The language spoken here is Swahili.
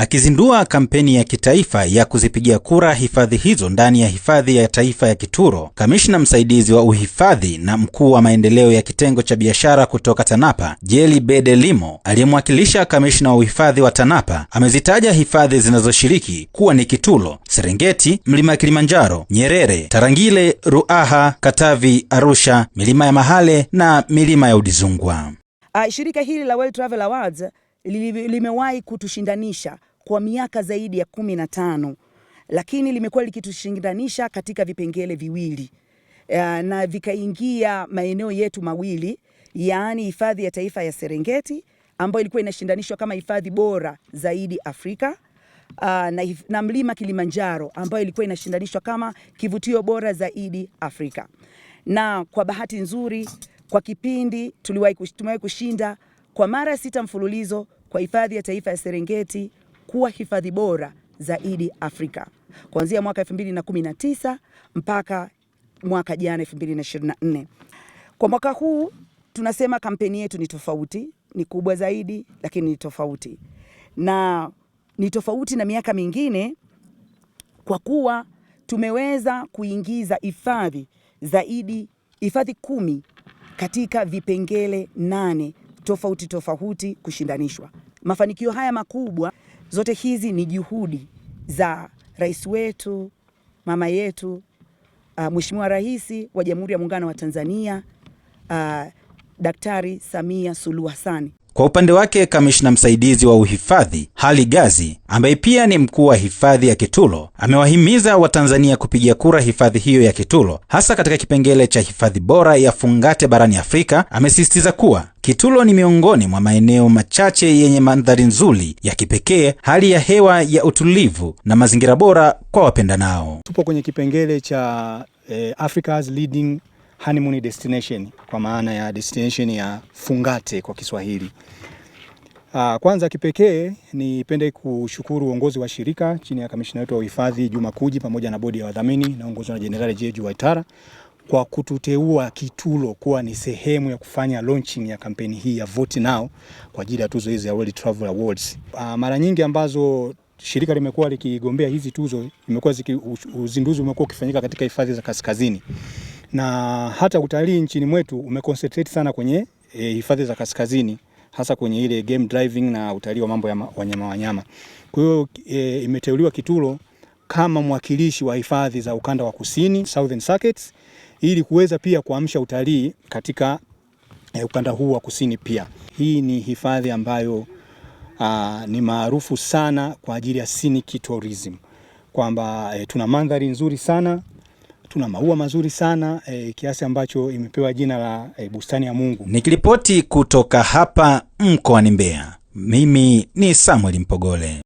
Akizindua kampeni ya kitaifa ya kuzipigia kura hifadhi hizo ndani ya hifadhi ya taifa ya Kituro, kamishna msaidizi wa uhifadhi na mkuu wa maendeleo ya kitengo cha biashara kutoka TANAPA, Jeli Bede Limo, aliyemwakilisha kamishna wa uhifadhi wa TANAPA, amezitaja hifadhi zinazoshiriki kuwa ni Kitulo, Serengeti, mlima Kilimanjaro, Nyerere, Tarangire, Ruaha, Katavi, Arusha, milima ya Mahale na milima ya Udzungwa. Uh, ah, shirika hili la World Travel Awards limewahi kutushindanisha kwa miaka zaidi ya kumi na tano, lakini limekuwa likitushindanisha katika vipengele viwili eh, na vikaingia maeneo yetu mawili, yaani hifadhi ya taifa ya Serengeti ambayo ilikuwa inashindanishwa kama hifadhi bora zaidi Afrika ah, na, na mlima Kilimanjaro ambayo ilikuwa inashindanishwa kama kivutio bora zaidi Afrika. Na kwa bahati nzuri kwa kipindi tuliwahi kushinda kwa mara sita mfululizo kwa hifadhi ya taifa ya Serengeti kuwa hifadhi bora zaidi Afrika kuanzia mwaka 2019 mpaka mwaka jana 2024. Kwa mwaka huu tunasema kampeni yetu ni tofauti, ni kubwa zaidi, lakini ni tofauti na ni tofauti na miaka mingine kwa kuwa tumeweza kuingiza hifadhi zaidi, hifadhi kumi katika vipengele nane tofauti tofauti kushindanishwa. Mafanikio haya makubwa Zote hizi ni juhudi za rais wetu, mama yetu, uh, Mheshimiwa Rais wa Jamhuri ya Muungano wa Tanzania, uh, Daktari Samia Suluhu Hassan kwa upande wake, kamishna msaidizi wa uhifadhi Hali Gazi, ambaye pia ni mkuu wa hifadhi ya Kitulo, amewahimiza Watanzania kupigia kura hifadhi hiyo ya Kitulo, hasa katika kipengele cha hifadhi bora ya fungate barani Afrika. Amesisitiza kuwa Kitulo ni miongoni mwa maeneo machache yenye mandhari nzuri ya kipekee, hali ya hewa ya utulivu na mazingira bora kwa wapendanao. Tupo kwenye kipengele cha eh, Africa's leading honeymoon destination kwa maana ya destination ya fungate kwa Kiswahili. Ah, kwanza kipekee nipende kushukuru uongozi wa shirika chini ya kamishina wetu wa uhifadhi Juma Kuji pamoja na bodi ya wadhamini naongozwa na Jenerali Jeju Waitara kwa kututeua Kitulo kuwa ni sehemu ya kufanya launching ya kampeni hii ya Vote Now kwa ajili ya tuzo hizi ya World Travel Awards. Ah, mara nyingi ambazo shirika limekuwa likigombea hizi tuzo, imekuwa uzinduzi umekuwa ukifanyika katika hifadhi za kaskazini na hata utalii nchini mwetu umeconcentrate sana kwenye e, hifadhi e, za kaskazini hasa kwenye ile game driving na utalii wa mambo ya wanyama wanyama. Kwa hiyo e, imeteuliwa Kitulo kama mwakilishi wa hifadhi za ukanda wa kusini Southern Circuits, ili kuweza pia kuamsha utalii katika e, ukanda huu wa kusini pia. Hii ni hifadhi ambayo a, ni maarufu sana kwa ajili ya scenic tourism kwamba e, tuna mandhari nzuri sana tuna maua mazuri sana e, kiasi ambacho imepewa jina la e, bustani ya Mungu. Nikiripoti kutoka hapa mkoani Mbeya, mimi ni Samuel Mpogole.